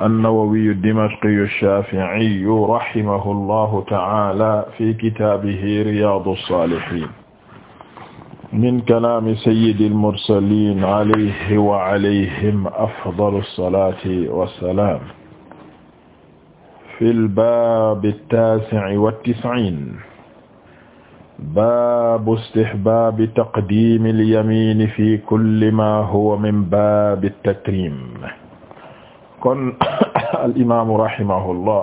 an-Nawawi ad-Dimashqi ash-Shafi'i rahimahu llahu ta'ala fi kitabihi Riyadu s-Salihin min kalami sayyidi al-mursalin alayhi wa alayhim afdalu s-salati was-salam fi al-bab at-tasi' wa at-tis'in baabu istihbaabi taqdiimi al-yamin fi kulli ma huwa min baabi at-takrim kon al imaamu rahimahullah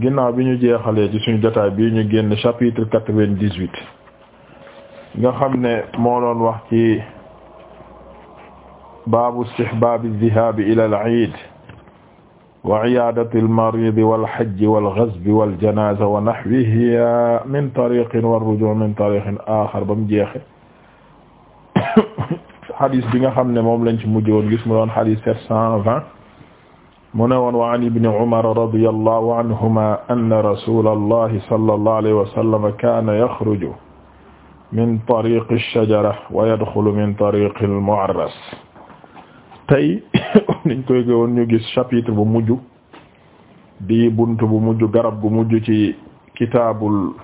ginnaaw bi ñu jeexalee ci suñu jotaay ñu génn chapitre quatre-vingt-dix-huit xam ne moo doon wax ci baabu istihbaabi aldihaabi ila al iid wa iyaadati almaridi walhajji walgazbi waljanaza wa nahwiha min tariqin warrujuu min tariqin aaxar ba mu jeexe xadis bi nga xam ne moom lañ ci mujj woon gis mu doon xadis sept mu ne woon wa an ibni umar radiyallahu anhuma anna rasulallahi kan alayhi wa sallam kaana yaxruju min tariqi shajara wa yadxulu min tariqi al-mu'arras tey niñ koy gëwoon ñu gis chapitre bu mujj bunt bu mujj garab bu mujj ci kitaabul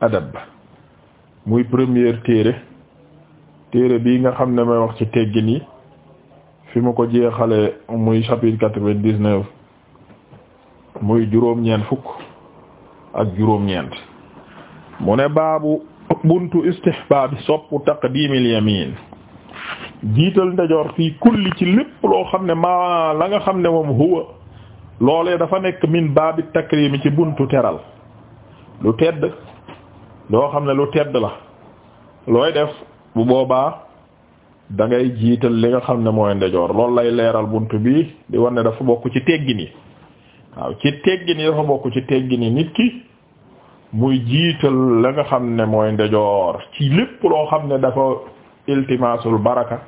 adab muy première téere téere bii nga xam ne may wax ci teggin yi fi mu ko jeexale muy chapitre quatre-vingt-dix-neuf muy juróom-ñeent fukk ak juróom-ñeent mu ne baabu buntu istihbaabi soppu taqdimil yamin jiital ndajoor fii kulli ci lépp loo xam ne maa la nga xam ne moom huwa loolee dafa nekk min baabi takrimi ci buntu teral lu tedd loo xam ne lu tedd la looy def bu boobaa da ngay jiital li nga xam ne mooy ndejoor loolu lay leeral bunt bi di war ne dafa bokk ci teggi yi waaw ci teggin yi dafa bokk ci teggi yi nit ki muy jiital la nga xam ne mooy ndejoor ci loo xam ne dafa iltimaasul baraka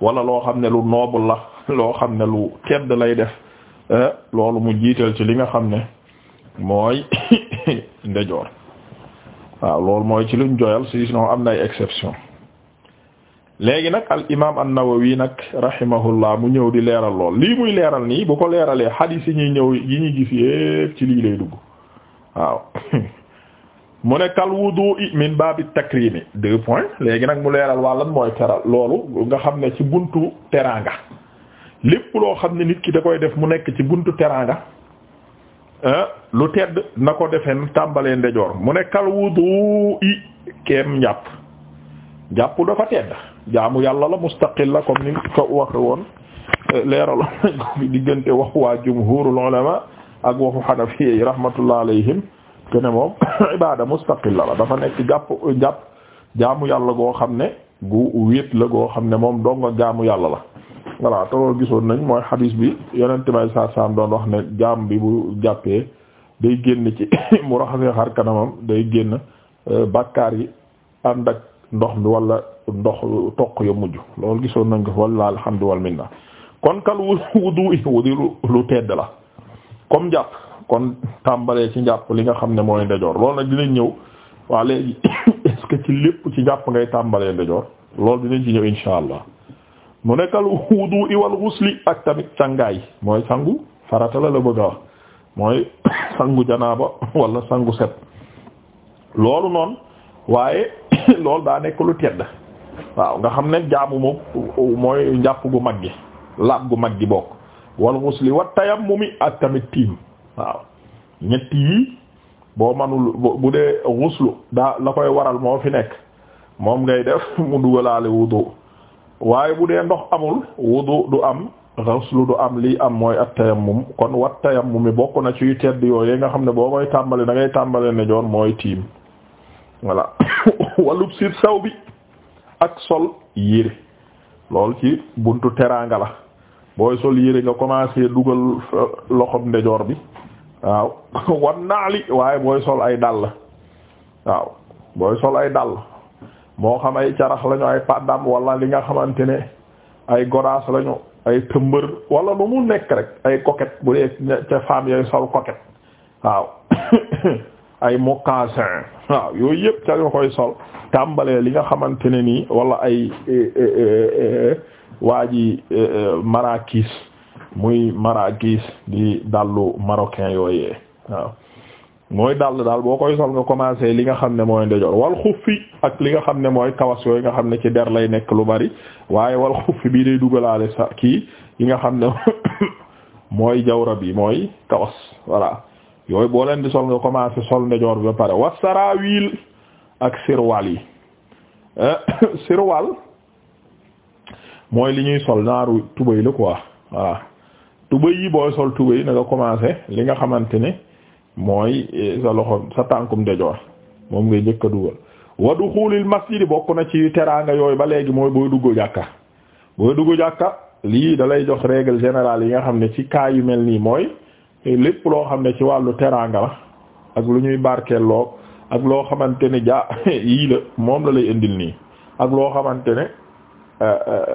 wala loo xam ne lu noble la loo xam ne lu tedd lay def eh, loolu mu jiital ci li nga xam ne mooy ndejoor waaw loolu mooy ci luñ joyal sinon am na ay exception léegi nag al imaam an-Nawawi nag rahimahullah mu ñëw di leeral lool lii muy leeral nii bu ko leeralee xadiis yi ñuy ñëw yi ñuy gis yépp ci lii lay dugg waaw mu ne kal wudu'i min baabi takrimi deux points léegi nag mu leeral waa lan mooy teral loolu nga xam ne ci buntu teraanga lépp loo xam ne nit ki da koy def mu nekk ci buntu teraanga lu tedd na ko defee tàmbalee ndejoor mu ne kal wudu'i keem njàpp njàpp dafa tedd jaamu yàlla la mustaqil la comme ni ko waxe woon leeral diggante waxu waa jumhurul ulama ak waxu xanafiya yi rahmatullah alayhim te ne moom ibada mustaqilla la dafa nekk jàpp jàpp jaamu yàlla goo xam ne gu wéet la goo xam ne moom dong nga jaamu yàlla la voilà te loolu gisoon nañ mooy xadiis bi yonente may saa saam doon wax ne jaam bi bu jàppee day génn ci mu raxasee xar kanamam day génn euh, bàkkaar yi ànd ak ndox mi wala ndox toq ya mujj loolu gisoon nañ ko fa walla alhamdu wal minna kon kal wudu wudu lu tedd la comme jàpp kon tàmbalee ci njàpp li nga xam ne mooy ndejoor loolu nag dinañ ñëw waa léegi est ci lépp ci njàpp ngay tàmbalee ndejoor lool dinañ ci ñëw insha allah mu nekkal wudu i wal xusli ak tamit sangaay mooy sangu farata la la bëgg a mooy sangu janaaba wala sangu set loolu noonu waaye loolu daa nekk lu tedd waaw nga xam ne jaabu moom mooy njàpp gu mag gi laab gu mag gi bokk wal ghusli wat tayammumi ak tamit tiim waaw ñett yi boo manul bu dee ghuslu daa la koy waral moo fi nekk moom ngay def mu dugalaale wudu waaye bu dee ndox amul wutu du am ghuslu du am lii am mooy at tayammum kon wat mi bokk na ci tedd yooyu nga xam ne boo koy tàmbali da ngay tàmbali ne joon mooy tiim voilà walub sit saw bi ak sol yére lool ci buntu teraanga la booy sol yére nga commencé dugal loxoom ndejoor bi waaw wan waaye booy sol ay dàll waaw booy sol ay dàll moo xam ay carax lañu ay paddam wala li nga xamante ne ay godaas lañu ay tëmbër wala lu mu nekk rek ay coquette bu dee ca femme yooyu sol coquette waaw ay mocassin waaw yooyu yëpp ca nga koy sol tàmbalee li nga xamante ne nii wala ay eh, eh, eh, waa ji marakis muy marakis di dallu marocain yooyee waaw mooy dàll daal boo koy sol nga commencé li nga xam ne mooy ndeyjoor wal xuffi ak li nga xam ne mooy kawas yooyu nga xam ne ci der lay nekk lu bari waaye wal xuffi bii day dugalaale sa kii yi nga xam ne mooy jawra bi mooy kawas voilà yooyu boo leen di sol nga commencé sol ndejoor bi ba pare wasaraawil ak sirwal yi eh, sirwal mooy li ñuy sol naaru tubay la quoi voilà tubay yi booy sol tubay na nga commencé li nga xamante ne mooy eh, sa loxo sa tànkum ndejoor moom ngay njëkk a dugal wa duxulil masjid bokk na ci teraanga yooyu ba léegi mooy booy dugg jàkka booy dugg jàkka lii dalay jox règle générale yi nga xam ne ci cas yu mel nii mooy lépp loo xam ne ci wàllu teraanga la ak lu ñuy barkeeloo ak loo xamante ne jaa yii la moom la lay indil nii ak loo xamante ne euh,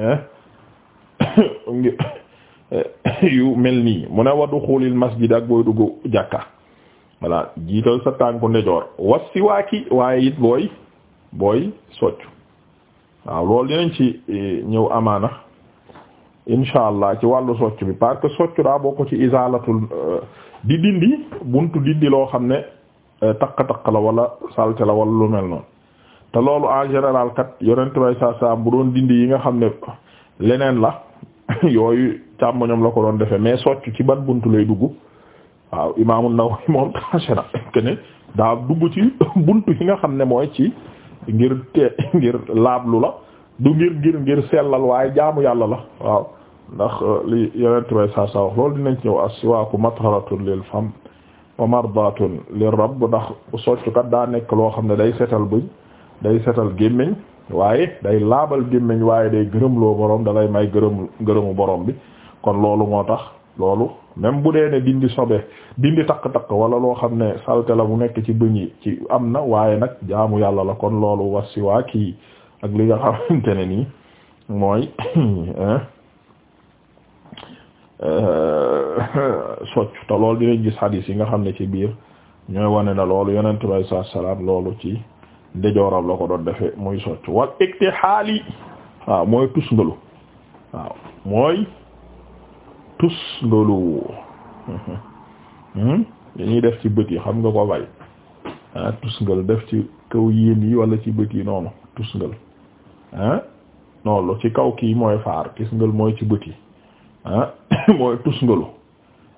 euh, yu mel nii mu ne wadu xuulil masjid ak booy dugg jàkka voilà jiital sa tànku ndejoor was si waaki waaye it booy booy soccu waaw loolu dinañ ci eh, ñëw amaana incha allah ci wàllu socc bi parce que socc daa bokk ci isalatul euh, di dindi buntu di loo xam ne euh, takk-takk la wala salte la wala lu mel noonu te loolu en général kat yonent bay saa bu doon dindi yi nga xam ne leneen la yooyu càmmoñam la ko doon defee mais socc ci ban buntu lay dugg waaw imaamu Nawawi moom tranché na que daa dugg ci buntu yi nga xam ne mooy ci ngir te ngir laablu la du ngir ngir ngir sellal waaye jaamu yàlla la waaw ndax euh, li yenent bay saa saa wax loolu dinañ ci ñëw as-siwaaku matharatun lil fam wa mardatun lir rabb ndax soccukat daa nekk loo xam ne day setal buñ day setal gémmiñ waaye day laabal gémmiñ waaye day gërëmloo borom da lay may gërëm gërëmu boroom bi kon loolu moo tax loolu même bu dee ne dindi sobe dindi takk-takk wala loo xam ne salte la bu nekk ci bëñ yi ci am na waaye nag jaamu yàlla la kon loolu wasiwaak yi ak li nga xamante ne nii mooy Euh, soccu te loolu dinañ gis hadis yi nga xam ne ci biir ñooy wane na loolu yonent bay sa salaam loolu ci ndejooram la ko doon defee muy soccu wal iktihaali waaw mooy tusngalu waaw mooy tusngalu dañuy hmm? def ci bët yi xam nga ko bay ah, def ci kaw yéen yi wala ci bët yi noonu tusngal ah noonu ci kaw kii mooy faar tusngal mooy ci bët yi ah? mooy tusngalu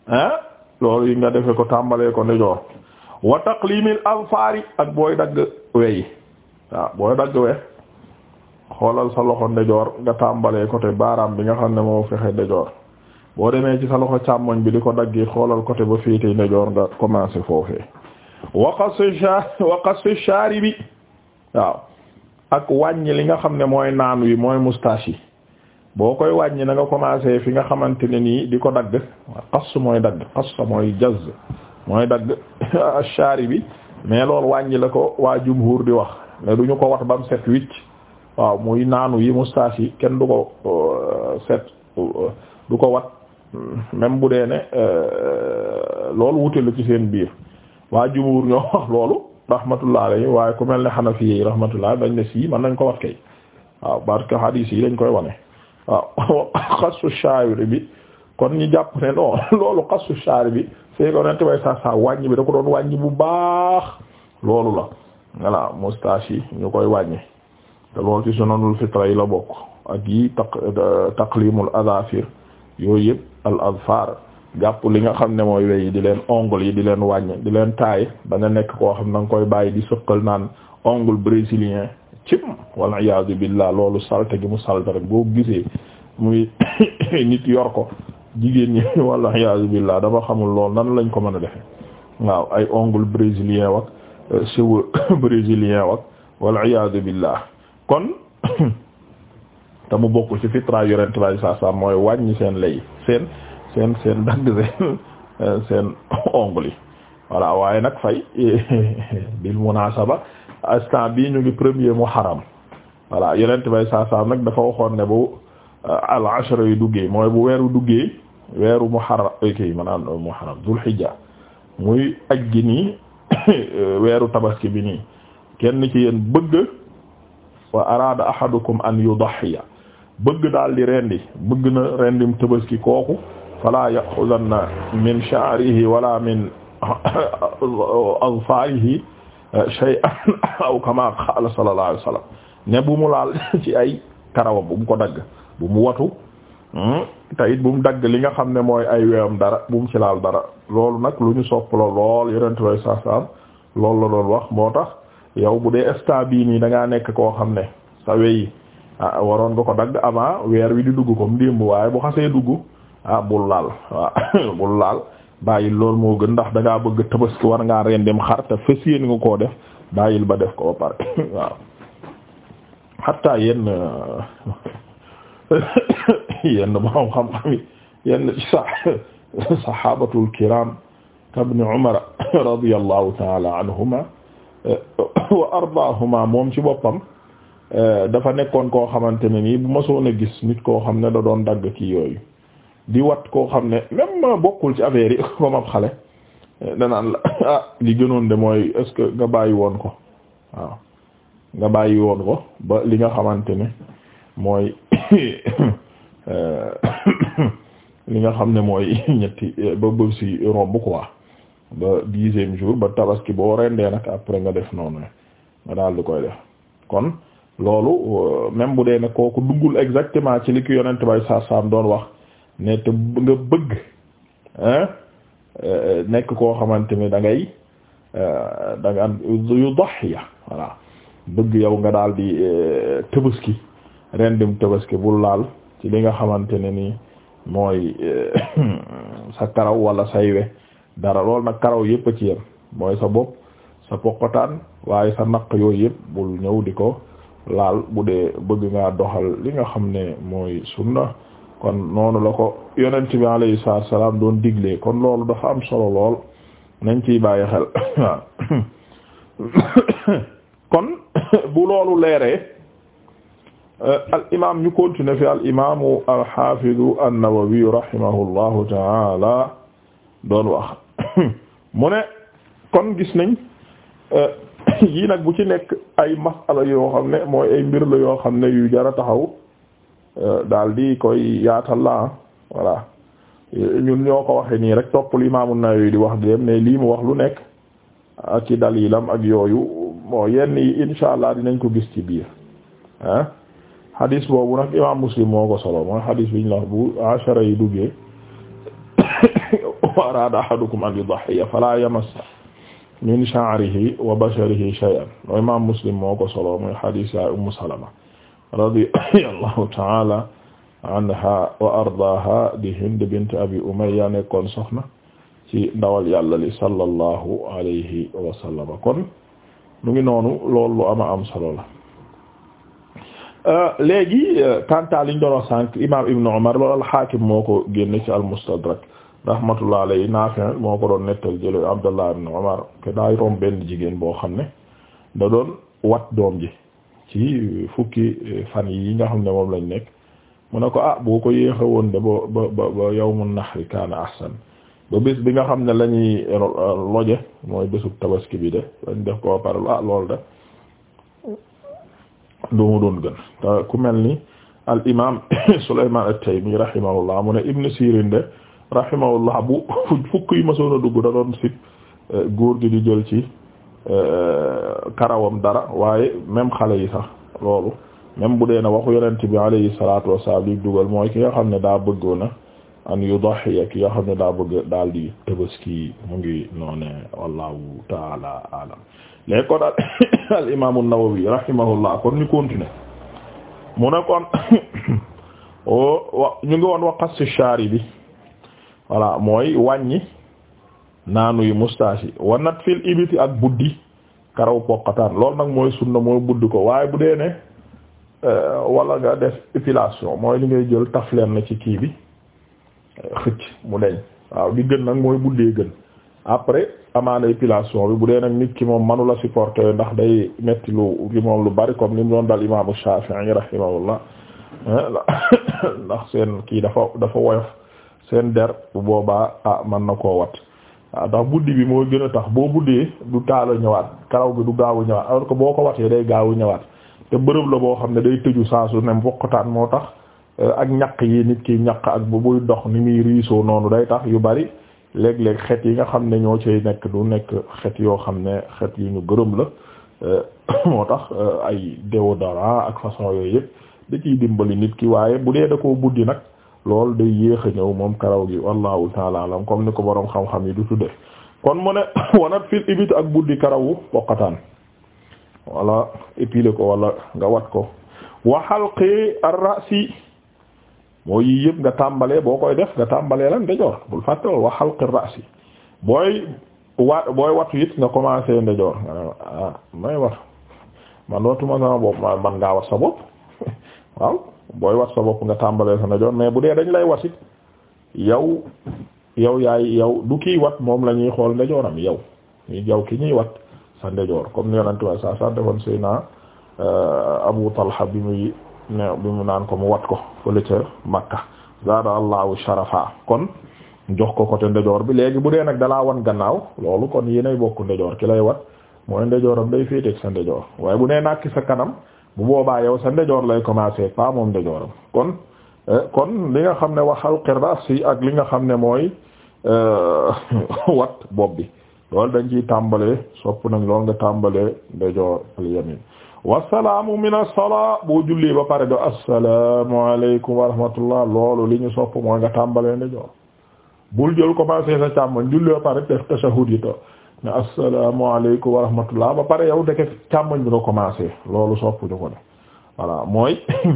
ah loolu yi nga defe ko tàmbalee ko li mi taqlimil alfaari ak booy dagg we yi waaw booy dagg we xoolal sa loxo ndijoor nga tàmbalee côté baaraam bi nga xam ne moo fexe ndijoor boo demee ci sa loxo càmmoñ bi di ko daggi xoolal côté ba féete ndijoor nga commencé foofee waqasu shaari bi waaw ak wàññi li nga xam ne mooy naan wi mooy moustache yi boo koy wàññi nanga commencé fi nga xamante ne nii di ko dagg xas mooy dagg xas mooy jazz mooy dagg ashari bi mais lool wàññi la ko waa jumhur di wax ne du ñu ko wat bam set wicc waaw muy naanu yi moustache yi kenn du ko euh, set du ko wat même bu dee ne euh, loolu wute la ci seen biir waa jumhur ñoo wax loolu rahmatullah alayhi waaye ku mel ne xanafi yi rahmatullah dañ ne sii mën nañ ko wat kay waaw parce que hadis yi dañ koy wane waaw xasu shaari bi kon ñu jàpp ne non loolu xasu shaari bi fee ko nente way sa sa wàññi bi da ko doon wàññi bu baax loolu la voilà moustache yi ñu koy wàññi te loolu ci sunanul fitra yi la bokk ak yi taq taqlimul azafir yooyu yëpp al azfar jàpp li nga xam ne mooy weyi di leen ongle yi di leen wàññi di leen taay ba nga nekk koo xam na nga koy bàyyi di sëqal naan ongle brésilien cim wal iyaadu billah loolu salte gi mu salte rek boo gisee muy nit yor ko jigéen ñi wal iyaadu billah dama xamul lool nan lañ ko mën a defe waaw ay ongle brésilien wak euh, cheveux brésilien wak wal iyaadu billah kon te mu bokk ci fitra yorent bay saa saa mooy wàññi seen lay seen seen seen dagg seen euh, seen ongle yi waaye nag fay bil munasaba instant bii ñu ngi premier muharram voilà yeneen bay saa saa nag dafa waxoon ne bu euh, al ashra yu duggee mooy bu weeru duggee weeru muharram euh, kii maanaam euh, muharram zul hijja muy aj gi nii weeru tabaski bi nii kenn ci yéen bëgg wa araada ahadukum an yudahiya bëgg daal di rendi bëgg na rendim tabaski kooku fala yaxudanna min sha'rihi wala min azfarihi shay'an aw kama qala sallallahu alayhi wasallam ne bu mu laal ci ay karawam bu mu ko dagg bu mu watu hmm, te bu mu dagg li nga xam ne mooy ay weewam dara bu mu ci laal dara loolu nag lu ñu sopp la lool yonent way saa saam la doon wax moo tax yow bu dee stat bii nii da ngaa nekk koo xam ne sa weyi ah waroon nga ko dagg avant weer wi di dugg comme démb waaye bu xasee dugg ah bul laal waaw bul laal bàyyil loolu moo gën ndax da ngaa bëgg tabaski war ngaa ren dem xar te fas nga koo def bàyyil ba def ko ba pare waaw xatta yenn yenn borom xam-xam yenn sa sahabatul kiram ibn umar radiyallahu taala anhuma wa ardaahuma moom ci boppam eh, dafa nekkoon koo xamante ne nii bu ma soon gis nit koo xam ne da doon dagg kii yooyu di wat koo xam ne même bokkul ci affaire yi comme ab xale danaan la ah li gënoon de mooy est nga bàyyi woon ko waaw nga bàyyi woon ko ba li nga xamante ne mooy euh, li nga xam ne mooy ñetti euh, ba bëb si romb quoi ba dixième jour ba tabaski boo rendee nag après nga def noonu nga daal di koy def kon loolu euh, même bu dee ne kooku duggul exactement ci li ki yonent bay saa saam doon wax ne te nga bëgg euh, nekk koo xamante ni dangay ngay euh, da nga am yu bëgg yow nga daal di euh, tëbaski rendum tëbaski bul laal ci li nga xamante ne nii mooy sa karaw wala say we dara lool nag karaw yëpp a ci yem mooy sa bopp sa poqotaan waaye sa naq yooyu yëpp bul ñëw di ko laal bu dee bëgg ngaa doxal li nga xam ne mooy sunna kon noonu la ko yonent bi alayhi salaatu salaam doon diglee kon loolu dafa am solo lool nañ ciy bàyyi xel kon bu loolu leeree eh, al imaam ñu continuer fi al imaamu al xaafidu an-Nawawi rahimahullahu taala doon wax mu ne kon gis nañ eh, yii nag bu ci nekk ay masala yoo xam ne mooy ay mbir la yoo xam ne yu jara taxaw daal di koy yaatal la voilà ñun ñoo ko waxe nii rek toppul imaamu Nawawi di wax dem ne lii mu wax lu nekk ak ci dalilam ak yooyu bon yenn insha allah dinañ ko gis ci biir ah hadis boobu nag imaam Muslim moo ko solo mooy hadis biñ la wax bu ashara yi duggee wa arada ahadukum an yudhiya fala yamassa min sha'rihi wa basharihi shay'an imaam Muslim moo ko solo mooy hadis ya Ummu Salama radiyallahu ta'ala anha wa ardaaha di Hind bint Abi Umayya nekkoon soxna ci ndawal yàlla li sallallahu alayhi wa kon mu ngi noonu loolu lu ama am solo la euh, léegi kanta euh, liñ doon sànq imaam Ibn Umar loolu al moo ko génne ci al-Mustadrak rahmatullah alayhi Naafi' moo ko doon nettal jële Abdullah ibn Umar ke daay jigéen boo xam ne da doon wat doom ji ci euh, fukki euh, fan yi nga xam ne moom lañ nekk mu ne ko ah boo ko yéexa woon de ba ba ba yawmun nahri kaana ahsan ba bés bi nga xam ne lañuy ñuy euh, loje mooy bésub tabaski bi de lañ def ko par ah loolu de du doon gën te ku mel ni al imam Sulaymaan at-Taymi rahimahullah mu ne Ibn Sirin de rahimahullah bu fukk yi ma a dugg da doon sit góor gi di jël ci Euh, karawam dara waaye même xale yi sax loolu même bu dee na waxu yonent bi alayhi salaatu wasalaam li dugal mooy ki nga xam ne daa bëggoon na yu yudahiya ki nga xam ne daa bëgg daal di tabaski mu ngi noonee wallahu taala alam léegi kon al imaamu Nawawi rahimahullah kon ñu continuer mu ne kon ñu ngi woon waqas si shaari bi voilà mooy wàññi. naanu moustache yi wa nat fil ibiti ak buddi karaw poqataan loolu nag mooy sunna mooy buddi ko waaye bu dee ne euh, wala nga def épilation mooy li ngay jël taf leen na ci kii bi euh, xëcc mu deñ waaw di gën nag mooy buddee gën après amaana épilation bi bu dee nag nit ki moom manula supporter ndax day metti lu ki moom lu bari comme ni mu doon dal imaamu Shafi'i rahimahullah ndax seen kii dafa dafa woyof seen der bu boobaa ah mën na koo wat waaw ndax buddi bi moo gën a tax boo buddee du taal a ñëwaat karaw bi du gaaw a ak boo ko watee day gaawu a ñëwaat te bërëb la boo xam ne day tëju saa su ne mboqataan moo tax euh, ak ñaq yi nit ki ñaq ak bu buy dox ni muy riisoo noonu day tax yu bari léeg-léeg xet yi nga xam ne ñoo cay nekk du nekk xet yoo xam ne xet yu ñu gërëm la euh, moo tax euh, ay déodorant ak façon yooyu yëpp da ciy dimbali nit ki waaye bu dee da koo buddi nag. loolu day yéex a ñëw moom karaw gi wallahu taala alam comme ni ko borom xam-xam yi du tudde kon mu ne wanat fil ibit ak buddi karawu poqataan wala épilé ko wala nga wat ko wa halqi ar-ra'si moo yi yëpp nga tàmbalee boo koy def nga tàmbalee la ndejoor bul fàtte loolu wa halqi ar-ra'si booy wat booy watu it nga commencé ndejoor nga ne ah may wat man watuma sama bopp man ngaa wat sa bopp waaw booy wat sa bopp nga tàmbalee sa ndijoor mais bu dee dañ lay wasit yow yow yaay yow du kii wat moom la ñuy xool ndijooram yow ñu yow ki ñuy wat sa ndijoor comme ni yonent waaye sa sa defoon sëy naa euh, Abu Talha bi muy mu naan ko mu wat ko fële ca Makka zaada allahu sharafa kon jox ko côté ndejoor bi léegi bu dee nag dalaa wan gannaaw loolu kon yéenay bokk ndejoor ki lay wat mooy ndejooram day féeteeg sa ndejoor waaye bu nee nàkki sa kanam bu boobaa yow sa ndejoor lay commencer pas moom ndejooram kon eh, kon li nga xam ne waxal xirras si ak li nga xam ne mooy eh, wat bopp bi loolu dañ ciy tàmbalee sopp nañ loolu nga tàmbalee ndejoor alyamin wasalaamu min as-salaa boo jullee ba pare do assalaamu alaykum wa rahmatullah loolu li ñu sopp mooy nga tàmbalee ndejoor bul jël commencer sa càmmoñ jullee ba pare def tashahhud yi to ne asalaamaaleykum wa rahmatullah ba pare yow deke càmmoñ bi nga commencé loolu sopp ñu ko ne voilà mooy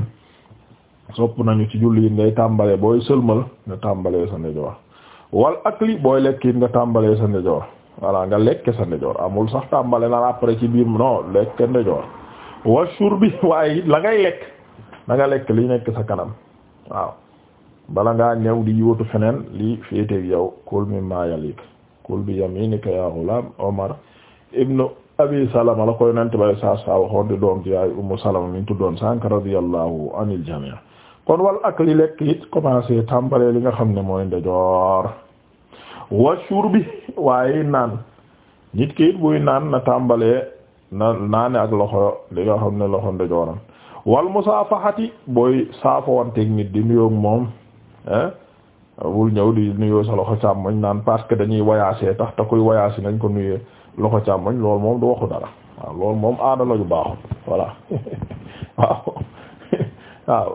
sopp nañu ci julli it ngay tàmbalee booy sëlmal nga tàmbalee sa ndijoor wal akli booy lekk it nga tàmbalee sa ndijoor voilà nga lekke sa ndijoor amul sax tàmbale naan après ci biir non lekke ndijoor wa shurbi waaye la ngay lekk na nga lekk li nekk sa kanam waaw bala ngaa ñëw di yóotu feneen li féeteeg yow kul mi y kul bi yaminika ya ghulam Omar ibnu abi salama la koy nante bay sa sa doom ji ay salama min tuddoon sànq radiyallahu anil jami' kon wal ak li lekk it commencé tàmbalee li nga xam ne mooy ndejoor wa shurbi waaye naan nit ki it buy naan na tàmbalee na naane ak loxo li nga xam ne loxo ndejooram wal musaafahati booy saafowanteeg nit di nuyoog moom bul ñëw di nuyoo sa loxo càmmoñ naan parce que dañuy voyager tax te kuy koy voyager nañ ko nuyee loxo càmmoñ loolu moom du waxu dara waaw loolu moom aada la ju baaxul voilà waaw waaw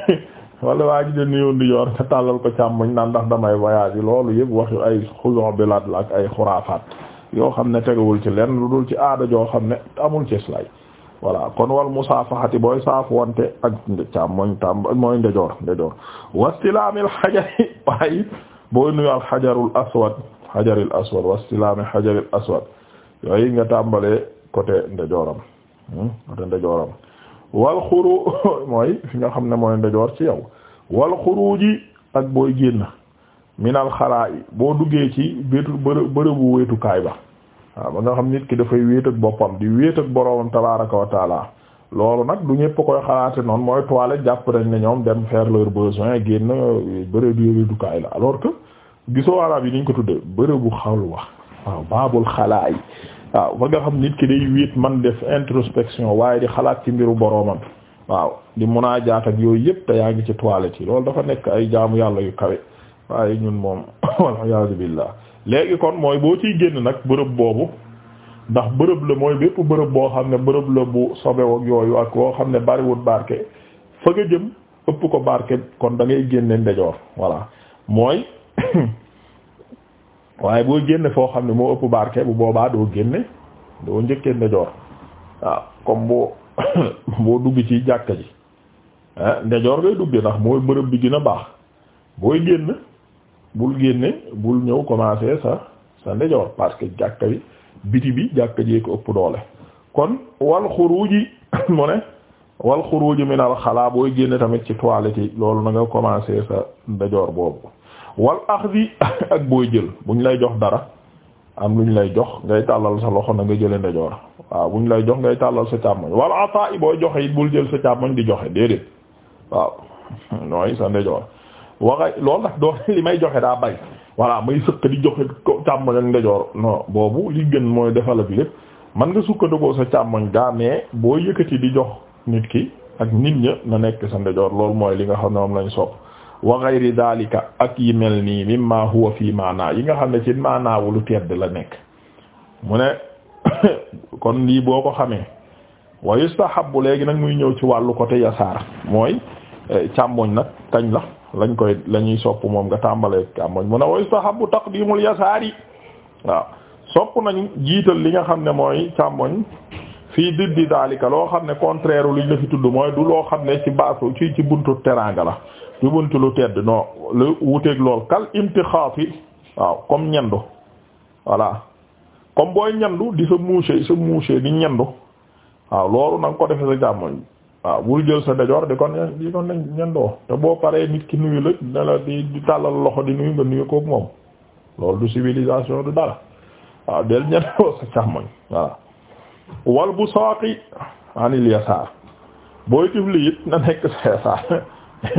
wala waa ji de nuyoo New York nga tàllal ko càmmoñ naan ndax damay voyager loolu yëpp wax waxu ay xujon bilaat la ak ay xuraafaat yoo xam ne tegawul ci lenn lu dul ci aada joo xam ne amul ci islaam voilà kon wal musaafaxati booy saafuwante ak càm mooy tam mooy ndejoor ndejoor wastilaamil xajari waaye booy nuyu xajarul aswad xajaril aswad wastilaami xajaril aswad yooyu nga tàmbalee côté ndejooram hmm, côté fi nga xam ne mooy ndejoor ci yow wal xuruji ak booy génn minal xalaa yi boo duggee ci bétu bërëbu wéetukaay ba waaw ba nga xam nit ki dafay wéet ak boppam di wéet ak boroomam tabaraka wa loolu nag du ñëpp koy xalaate noonu mooy toilette jàpp nañ ne ñoom dem faire leur besoin génn bërëb wéerukaay la alors que gisoo arab yi niñ ko tuddee bërëbu xalwa waaw baabul xalaa yi waaw ba nga xam nit ki day wéet man def introspection waaye di xalaat ci mbiru boroomam waaw di munaajaat ak yooyu yëpp te yaa ngi ci toilette yi loolu dafa nekk ay jaamu yàlla yu kawe waaye ñun moom wal iyaazu billah léegi kon mooy boo ciy génn nag bërëb boobu ndax bërëb la mooy bépp bërëb boo xam ne bërëb la bu sobewook yooyu ak boo xam ne bariwul barke fa jëm ëpp ko barke kon dangay ngay génne ndejoor voilà mooy waaye boo génne foo xam ne moo ëpp barke bu boobaa doo génne doo njëkkee ndejoor waaw comme boo boo dugg ci jàkka ji ah ndejoor ngay dugge ndax mooy bërëb bi gën a baax booy génn bul génne bul ñëw commencer sa sa ndejoor parce que jàkka biti bi jàkk jee ko ëpp doole kon wal xuruji mu ne wal xuruji min xalaa booy génne tamit ci toilette yi loolu na nga commencer sa ndejoor boobu wal axdi ak booy jël buñ lay jox dara am luñ lay jox ngay tàllal sa loxo na nga jële ndejoor waaw buñ lay jox ngay tàllal sa càmmoñ wala ataa i booy joxe it bul jël sa càmmoñ di joxe déedéet waaw nooy sa ndejoor waxa loolu doo doon li may joxe daa bay voilà may sëkk di joxe càmmoñ ak ndejoor non boobu li gën mooy defal ak lépp man nga sukkandikoo sa càmmoñ gaa mais boo yëkkati di jox nit ki ak nit ña na nekk sa ndejoor loolu mooy li nga xam ne moom lañu sopp wa ghayri daalika ak yi mel nii mimma huwa fii maanaa yi nga xam ne ci maanaawu lu tedd la nekk mu ne kon lii boo ko xamee wa yustahabbu léegi nag muy ñëw ci wàllu côté yasaar mooy eh, càmmoñ nag kañ la lañ koy la ñuy sopp moom nga tàmbalee càmmoñ mu ne wa yustahabbu taqdimul yasaari waaw sopp nañ jiital li nga xam ne mooy càmmoñ fii diddi daalika loo xam ne contraire luñ la fi tudd mooy du loo xam ne ci baasu ci ci buntu teraanga la du buntu lu tedd non lu wuteeg lool kal imtixaati waaw comme ñendu voilà comme booy ñendu di sa moucher sa moucher di ñendu waaw loolu na ko defee sa càmmoñ waaw bul jël sa dajoor di kon di kon ñendoo te boo paree nit ki nuyu la ne la di tàllal loxo di nuyu nga nuyu kook moom loolu du civilisation du dara waaw del ñendoo sa càmmoñ wal bu sooti anil yasaar booy tifli na nekk sa yasaar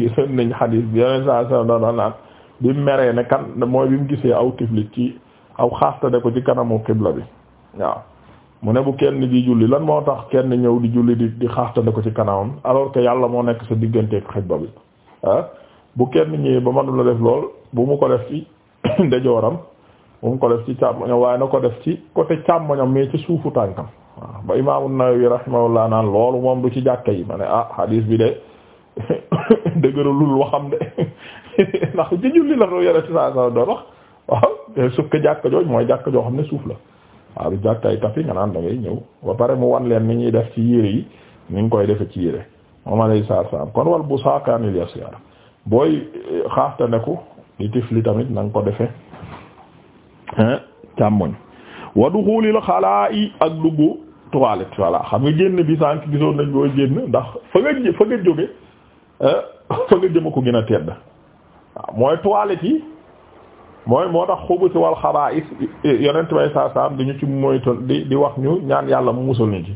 gisoon nañ xadiis bi yeneen saa saa doon naan bi meree ne kan mooy bi mu gisee aw tiflit ci aw xaastade ko ci kanamu xibla bi waaw mu ne bu kenn di julli lan moo tax kenn ñëw di julli di di xaaxtane ko ci kanamam alors que yàlla moo nekk sa digganteeg xaj ba bi ah bu kenn ñëwee ba mënu la def lool bu mu ko def ci ndejooram bu mu ko def ci càmmoñam waaye na ko def ci côté càmmoñam ci suufu tànkam waaw ba imaamu Nawawi rahimahullah naan loolu moom du ci jàkka yi ma ne ah hadis bi de dëgëralul waxam de ndax ci julli la doon yore ci saa saa doon waaw te suuf ka jooj mooy jàkka joo xam ne suuf la waaw du jàkk ay tapi nga naan da ngay ñëw ba pare mu wan leen ni ñuy def ci yére yi ni ngi koy defe ci yére moom alay saar saam kon wal bu saakaanil yasiar booy eh, xaafta neku di tifli tamit na nga ko defe càmmoñ wa duxulil xalaa'i ak duggu toilette voilà xam nga génn bi sànq gisoon nañ booy génn ndax fa nga fa eh, fa nga jëma ko gën a tedd mooy toilette yi mooy moo tax xubusi wal xabaa'is yonent bay saa saam di ñu ci moytu di di wax ñu ñaan yàlla mu musul ñu ci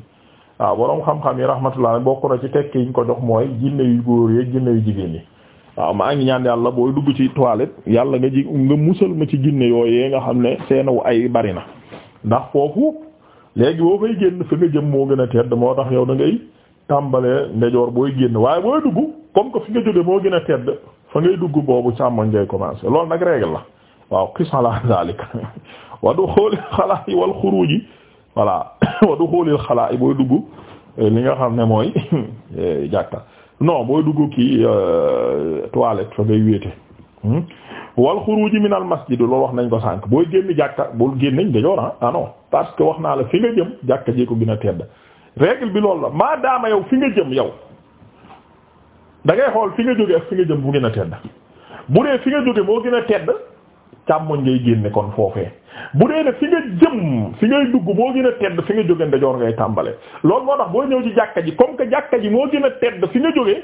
waaw boroom xam-xam yi rahmatullah bokk na ci tekk yi ñu ko jox mooy jinne yu góor yi jinne yu jigéen yi waaw maa ngi ñaan yàlla booy dugg ci toilette yàlla nga ji nga musal ma ci ginne jinne yooyee nga xam ne seen wu ay bari na ndax foofu léegi boo fay génn fi nga jëm moo gën a tedd moo tax yow da ngay tàmbalee ndejoor booy génn waaye booy dug comme que fi nga jóge moo gën a tedd fa boobu càmmoñ ngay commencer loolu nag waaw qis ala zalik wa duxulil xalaa'i wal xuruuji voilà wa duxulil xalaa'i booy dugg eh, li nga xam ne mooy eh, jàkka no booy dugg kii eh, toilette fa ngay wéete hmm? wal xuruuji minal masjid loolu wax nañ ko sànq booy génn jàkka bul génnañ dajoor ah ah non parce que wax naa la fi nga jëm jàkka ji ko gën a tedd règle bi loolu la maa daama yow fi nga jëm yow dangay xool fi nga jóge ak fi nga jëm bu gën a tedd bu dee fi nga jóge boo gën a tedd càmmoñ ngay génne kon foofee bu dee ne fi nga jëm fi ngay dugg moo gën a tedd fi nga jóge ndajoor ngay tàmbale lool moo tax boo ñëw ci jàkka ji comme que jàkka ji moo gën a tedd fi nga jógee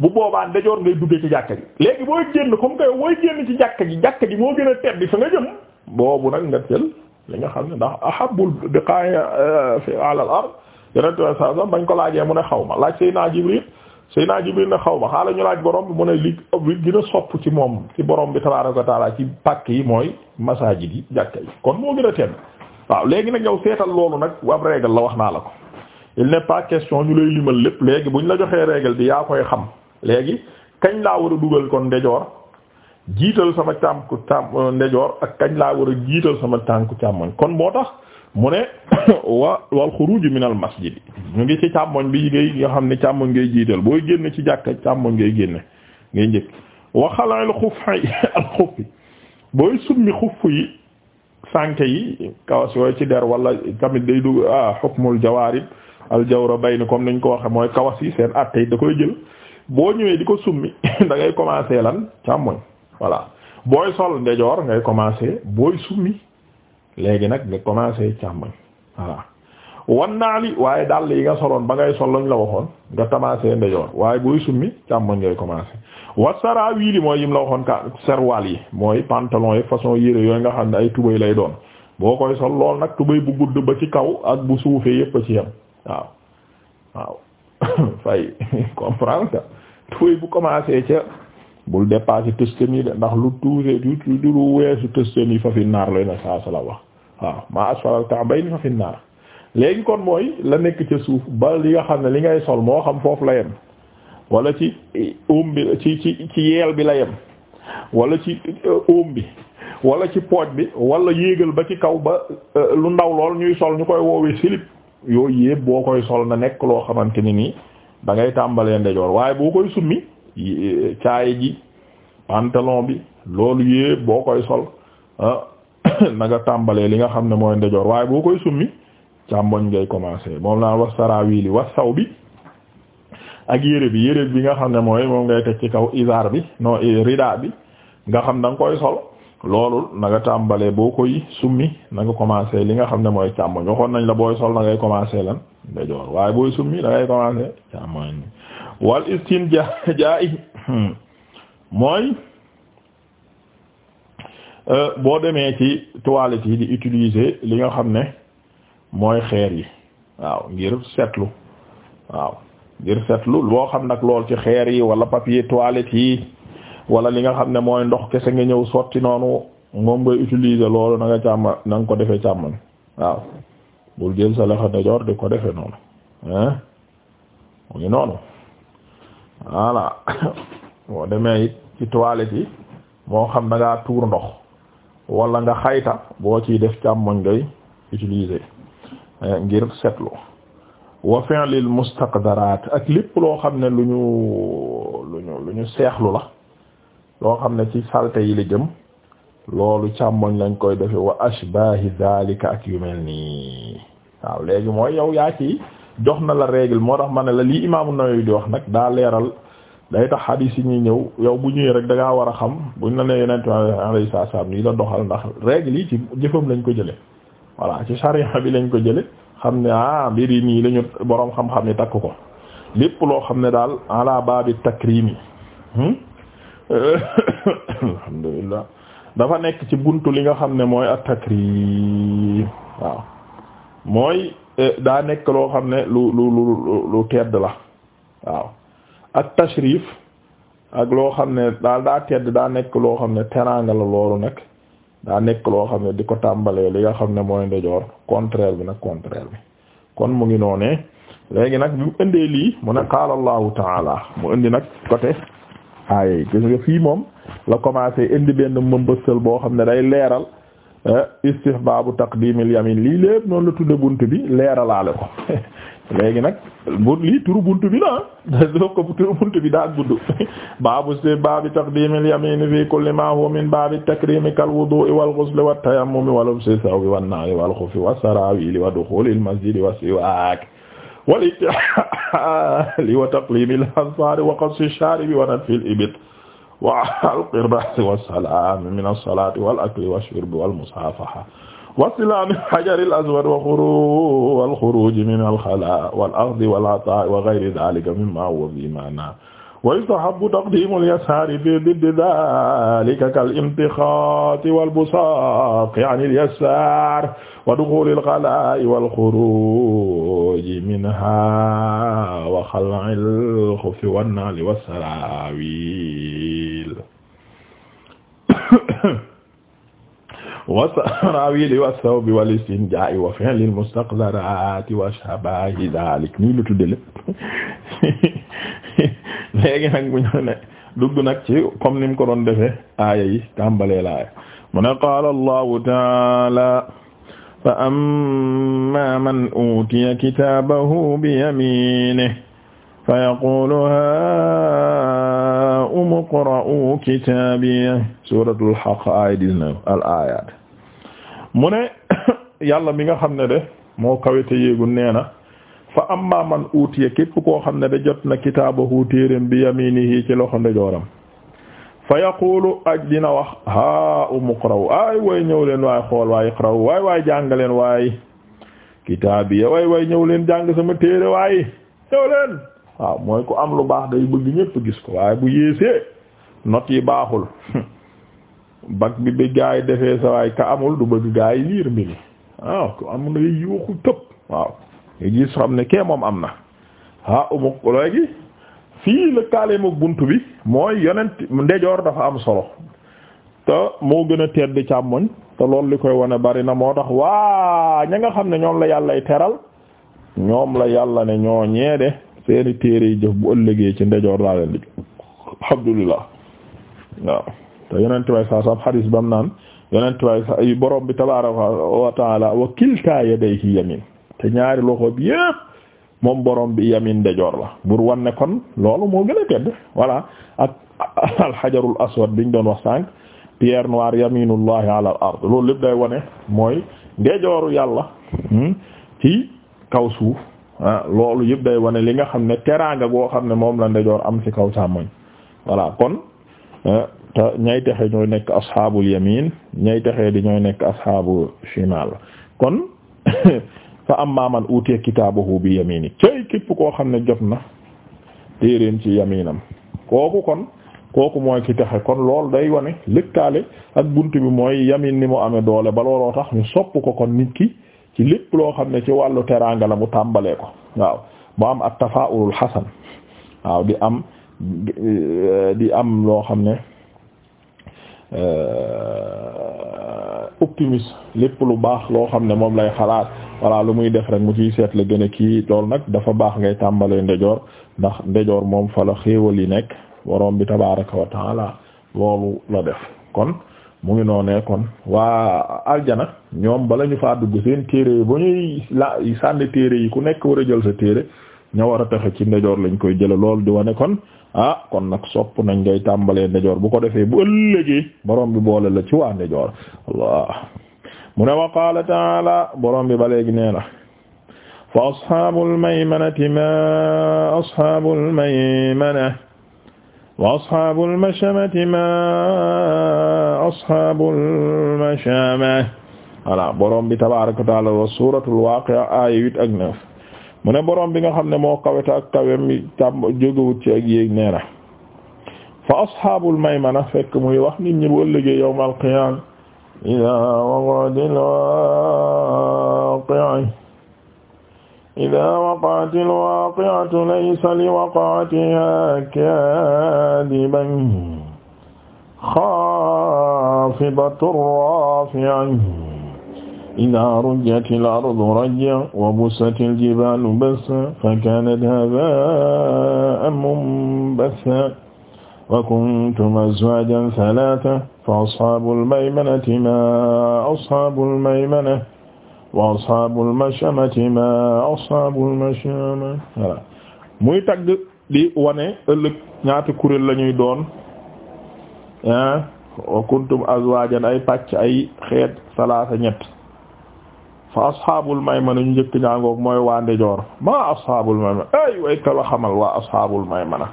bu boobaa ndajoor ngay duggee ci jàkka ji léegi booy génn comme que booy génn ci jàkka ji jàkka ji moo gën a tedd fi nga jëm boobu nag nga jël li nga xam ne ndax ahabul biqaaya fi ala al ard yenentu saa sa bañ ko laajee mu ne xaw ma laaj say naa Jibril Seydina Jibril ne xaw ma xaaral ñu laaj borom bi mu ne li li gën a sopp ci moom ci borom bi tabaaraka wa taala ci pàkk yi mooy masaajid yi jàkka yi kon moo gën a tedd waaw léegi nag yow seetal loolu nag wab règle la wax naa la ko il n'est pas question ñu lay limal lépp léegi bu ñu la joxee règle bi yaa koy xam léegi kañ laa war a dugal kon ndejoor jiital sama tànku tàm euh, ndejoor ak kañ laa war a jiital sama tànku càmmoñ kon moo tax mu ne wa wal xuruj min al masjid ñu ngi ci càmmoñ bi ngay nga xam ne càmmoñ ngay jiital booy génn ci jàkka càmmoñ ngay génne ngay njëkk waxalaal xufay al xufi booy summi xuf yi sànke yi kawas yooyu ci der wala tamit day dugg ah xukmul jawaarib al jawra bayni comme niñ ko waxee mooy kawas yi seen atte yi da koy jël boo ñëwee di ko summi da ngay commencer lan càmmoñ voilà booy sol ndejoor ngay commencer booy summi léegi nag nga commencer càmmoñ voilà wan naa ni waaye dàll yi nga soloon ba ngay sol lañ la waxoon nga commencer ndejoor waaye booy summi càmmoñ ngay commencer wa sarawiil yi mooy yim la waxoon ka serwal yi mooy pantalon yi façon yére yooyu nga xam ne ay tubay lay doon boo koy sol lool nag tubay bu gudd ba ci kaw ak bu suufee yépp a ci yem waaw waaw fay comprendre nga bu commencer ca bul dépasser tësten yi de ndax lu tuuse lu weesu tësten yi fa fi naar lay na saa sala wax waaw maa asfalal ka'bayn fa fi naar léegi kon mooy la nekk ca suuf ba li nga xam ne li ngay sol moo xam foofu la yem wala ci óom bi ci ci ci yeel bi la yem wala ci óom uh, bi ci pooj bi wala yéegal ba ci kaw ba uh, lu ndaw lool ñuy sol ñu koy woowee silip yooyu yëpp boo koy sol na nekk loo xamante ni nii da ngay tàmbalee ndejoor waaye boo koy summi Eh, caaye ji pantalon bi loolu yëpp boo koy sol naga ah, na tàmbalee li nga xam ne mooy ndejoor waaye boo koy summi càmmoñ ngay commencé moom laa was sarawiili was saw bi ak yére bi yére bi nga xam ne mooy moom ngay teg ci kaw izar bi non eh, rida bi nga xam da koy sol loolu naga nga tàmbalee boo koy summi na nga commencer li nga xam ne mooy càmmoñ waxoon nañ la booy sol na ngay commencer lan ndejoor waaye booy summi da ngay commencer wal istinjaa'i hmm, mooy euh, boo demee ci toilette yi di utiliser li nga xam ne mooy xeer yi waaw ngir setlu waaw ngir setlu loo xam nag lool ci xeer yi wala papier toilette yi wala li nga xam ne mooy ndox kese nga ñëw sotti noonu moom ngay utiliser loolu na nga càmm na nga ko defee càmmoñ waaw bul jël sa loxo ndijoor di ko defee noonu hein mu noonu voilà boo demee it ci toilette yi moo xam da ngaa tuur ndox wala nga xayta boo ci def càmmoñ ngay utiliser eh, ngir setlu wa fi'lil mustaqdaraat ak lépp loo xam ne lu ñu lu ñu lu ñu seexlu la loo xam ne ci salte yi la jëm loolu càmmoñ lañ koy defe wa ashbahi zalika ak yu mel nii waaw léegi mooy yow yaa ci jox na la règle moo tax ma ne la lii imaamu Nawawi di wax nag daa leeral day tax xadiis yi ñuy ñëw yow bu ñëwee rek da ngaa war a xam buñ la nee yonent alayhi salaam nii la doxal ndax règle yi ci jëfam lañ ko jële voilà ci sariya bi lañ ko jële xam ne ah mbir yi nii lañu boroom xam-xam yi takk ko lépp loo xam ne daal ala babi takrimi hmm? alhamdulillah dafa nekk ci bunt li nga xam ne mooy at takrim waaw mooy Eh, daa nekk loo xam ne lu lu lu lu tedd la waaw ak tashrif ak loo xam ne daal daa tedd daa nekk loo xam ne teraanga la loolu nag daa nekk loo xam ne di ko tàmbalee li nga xam ne mooy ndejoor contraire bi nag contraire bi kon mu ngi noonee léegi nag bi mu indee lii mu ne qaala allahu taala mu indi nag côté aaya yi gis nga fii moom la commencé indi benn mëmbësal boo xam ne day leeral Eh, istihbaabu taqdimil yamin lii lépp noonu la tudde bunt bi leeralaale ko léegi nag bu lii turu bunt bi la doo ah. ko turu bunt bi daa gudd baabu istihbaabi taqdimil yamin fi kulli ma huwa min baabi takrimi kal wudu'i wal ghusli wat tayammumi wal lubsi thawbi wan na'i wal khufi was sarawili wa dukhulil masjidi was siwaak wal ittihali wa taqlimil azfari wa qassi sharibi wa nadfil ibit wa al-qirbaas wa salaam min as-salaati wal akli wash-shurbi wal musaafaha wasilaami xajari l aswad wa xuru walxuruji min alxala wal axdi walata wa gayri dalika mimma huwa fi maana wa yustahabu taqdimu alyasaari fi diddi dalika kal imtixaati walbusaaqi an ilyasaar wa duxuli alxalaa'i walxuruji minha wa xal'i alxuffi wannaali wassalaawi wa sarawili wa sawbi wal istinjaa'i wa fi'lil mustaqdaraati wa shabaahi daalik nii lu tuddee lépp léegi nag bu ñu ne dugg nag ci comme ni mu ko doon defee aaya yi tàmbalee laaya mu ne qaala allahu taala fa amma man utiya kitaabahu bi yamiinihi fa yaqulu haaum iqra'u kitaabiya suuratul Haqq aaya 19 al aayaat mu ne yàlla mi nga xam ne de moo kawite yéegul nee na fa amma man uutiya képp koo xam ne de jot na kitaabahu téereem bi yaminihi ci loxo ndeyjooram fa yaqulu aj dina wax haaum iqra'u ay way ñëw leen waay xool waay iqra'u waay waay jàng leen leen jàng sama téere waay ñëw leen waaw mooy ku am lu baax day bëgg ñëpp gis ko waaye bu yéesee not yi baaxul bag bi bi gaa defee sa waay ka amul du bëgg gaa yi liir mbiri waaw ku am nay yuuxu tëb waaw nga gis xam ne kee moom am na ah umuk léegi fii la kaalimuk bunt bi mooy yonent ndejoor dafa am solo te moo gën a tedd càmmoñ te lool li koy wane bari na moo tax waa ña nga xam ne ñoom la yàlla yàllay teral ñoom la yàlla ne ñoo ñeede seeni téere yi bu ëllëgee ci ndejoor laa leen di alhamdulillah waaw te yonent way saa sam bam naan yonent way borom bi tabaaraka wa taala wa kilta yamin te ñaari loxo bi yépp moom borom bi yamin ndejoor la bur wan ne kon loolu moo gën a tedd voilà ak aswad biñ doon wax sànq pierre noire yaminullahi ala loolu lépp day wane mooy ndejooru yàlla hmm, ci kaw loolu yëpp day wane li nga xam ne teraanga goo xam ne moom la ndejoor am ci kaw càmmoñ voilà kon te ñay texe ñooy nekk ashaabul yamin ñay texe di ñooy nekk ashaabu shimal kon fa amma man utiya kitaabahu bi yamini cay képp koo xam ne jot na téeréem ci yaminam kooku kon kooku mooy ki texe kon loolu day wane lëkkaale ak bunt bi mooy yamin ni mu amee doole balooloo tax ñu sopp ko kon nit ki ci lépp loo xam ne ci wàllu teraanga la mu tàmbalee ko waaw mu am at tafaulul xasan waaw di am di am loo xam ne euh, optimiste lépp lu baax loo xam ne moom lay xalaat walla lu muy def rek mu ciy seetle la gën kii loolu nag dafa baax ngay tàmbalee ndejoor ndax ndejoor moom fa la yi nekk borom bi tabaaraka wa taala loolu la def kon mu ngi noonee kon waa aljana ñoom bala ñu faa dugg seen téere ba ñuy la sànni téere yi ku nekk war a jël sa téere ña war a taxe ci ndejoor lañ koy jële lool di wane kon ah kon nag sopp nañ ngay tàmbalee ndejoor bu ko defee bu ëllëgee borom bi boole la ci waa ndejoor allah mu ne wa qaala taala borom bi ba léegi nee na fa ashaabul maymanati ma ashaabul maymana wa ashaabul mashamati ma ashaabul mashama voilà borom bi tabaaraka wa taala wa suuratul waaqi'a aaya huit ak neuf mu ne borom bi nga xam ne moo kawe ta ak kawe mi tam jógewut ci ak yéeg nee na fa ashaabul maymana fekk muy wax nit ñi bu ëllëgee yawmal qiyaama idaa waqa'atil waaqi'a idaa waqa'atil waaqi'atu laysa liwaqa'atihaa kaadiban xaafidatun raafi'atun idaa rujjatil ardu rajjan wa bussatil jibaalu bassan fakaanat habaa'an munbathan wa kuntum azwaajan thalaathan fa ashaabul maymanati maa ashaabul maymanati wa ashaabul mashamati ma ashaabul mashama voilà muy tagg di wane ëllëg ñaata kuréel la ñuy doon ah wa kuntum azwaajan ay pàcc ay xeet salaasa ñett fa ashaabul maymana ñu njëkk ñaangoog mooy waa ndejoor ma ashaabul maymana ay way ko xamal waa ashaabul maymana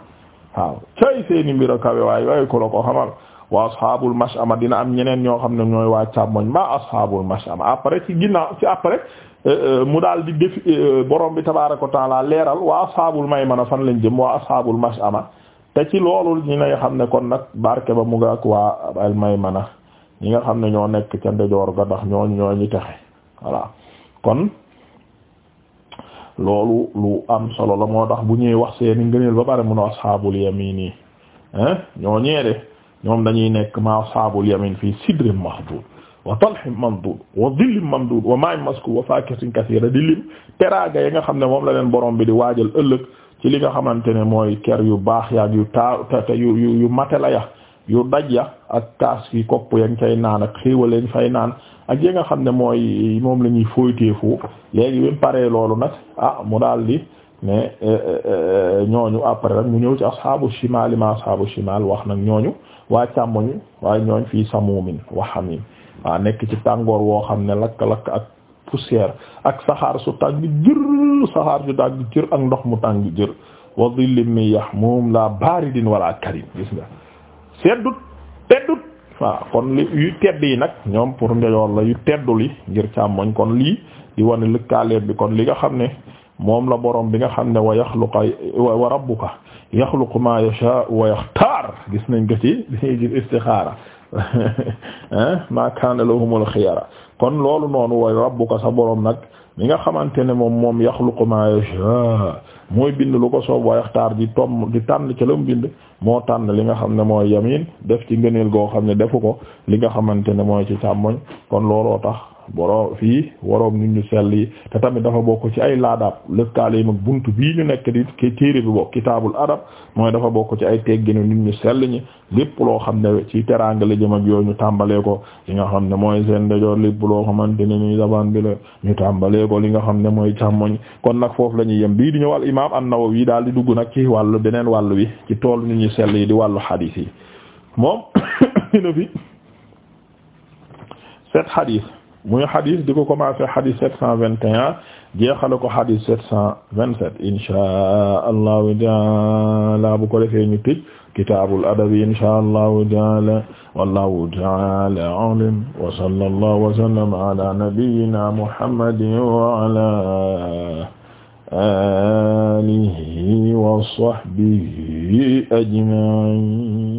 waaw cay seeni mbir kawe waay way ko ko xamal wa ashabul mash'ama dina am ñeneen ñoo xam ne ñooy waa càmmoñ ma ashabul mash'ama après ci ginnaaw ci après euh, euh, mu daal di def euh, borom bi tabaaraka ko taala leeral waa may mana fan lañ jëm waa ashabul ama te ci loolu ñi nga xam ne kon nag barke ba mu nga ak waa al maymana ñi nga xam ne ñoo nekk ca ndejoor ga ndax ñooñ ñoo ñi texe voilà kon loolu lu am solo la moo tax bu ñuy wax seeni ngëneel ba pare mun a ashabul yamini ñoo ñee de ñoom dañuy nekk ma ashabul yamin fii sidrin mahdud wa talhin mamdud wa dhillin mamdud wa ma'in masku wa fakihatin kathira di lim yi nga xam ne moom la leen borom bi di waajal ëllëg ci li nga xamante ne mooy ker yu baax yaag yu taa yu yu yu matela ya yu daj ya ak kaas yi kopp yañ cay naan ak xéewal fay naan ak yi nga xam ne mooy moom la ñuy fooyteefu léegi bi mu loolu nag ah mu daal di ne eh, eh, eh, ñooñu après rek mu ñëw ci ashaabu shimal ma ashaabu shimal wax nag ñooñu waa càmmoñ waaye ñooñ fii samumin wa hamim waa nekk ci tàngoor woo xam ne lakk-lakk ak poussière ak saxaar su tàng jër saxaar su tàng jër ak ndox mu tàng jër wa dhillin min yahmum la baridin wala karim gis nga seddut teddut waaw kon li yu tedd yi nag ñoom pour ndeyoor la yu teddul yi ngir càmmoñ kon lii di wane lëkkaaleet bi kon li nga xam ne moom la borom bi nga xam ne wa yaxluqa wa rabbuka yaxluqu ma yasha wa yaxtaar gis nañ ko ci dañuy gis istixaara ma kaana lahumul xiyara kon loolu noonu way ko sa borom nag mi nga xamante ne moom moom yaxluqu ma yasha mooy bind lu ko soob wa yaxtaar di tom di tànn ca lam bind moo tànn li nga xam ne mooy yamin def ci ngëneel goo xam ne defu ko li nga xamante ne mooy ci càmmoñ kon looloo tax boro fii waroom nit ñu sell yi te tamit dafa bokk ci ay laadaab lëkkaaleem mag bunt bii ñu nekk di téere bi bokk kitaabul adab mooy dafa bokk ci ay tegginu nit ñu sell ñi lépp loo xam ne ci teraanga la jëm ak yooyu ñu tàmbalee ko li nga xam ne mooy seen ndejoor lépp loo xamante ne ñuy dabaan bi la ñu tàmbalee li nga xam ne mooy càmmoñ kon nag foof la ñuy yem bii di ñu wàll imaam an-Nawawi daal di dugg nag ci wàllu beneen wàll wi ci tool nit ñu sell yi di wàllu xadiis yi moom ina fi sept xadiis muy xadis di ko commencé xadis 721 jeexale ko xadis 727 inshaa allahu taala bu ko defee ñu tëj kitaabul adabi inshaa allahu taala wallahu taala a'lam wa sallallahu wa sallama ala nabiyyina muhammadin wa ala alihi wa sahbihi ajma'in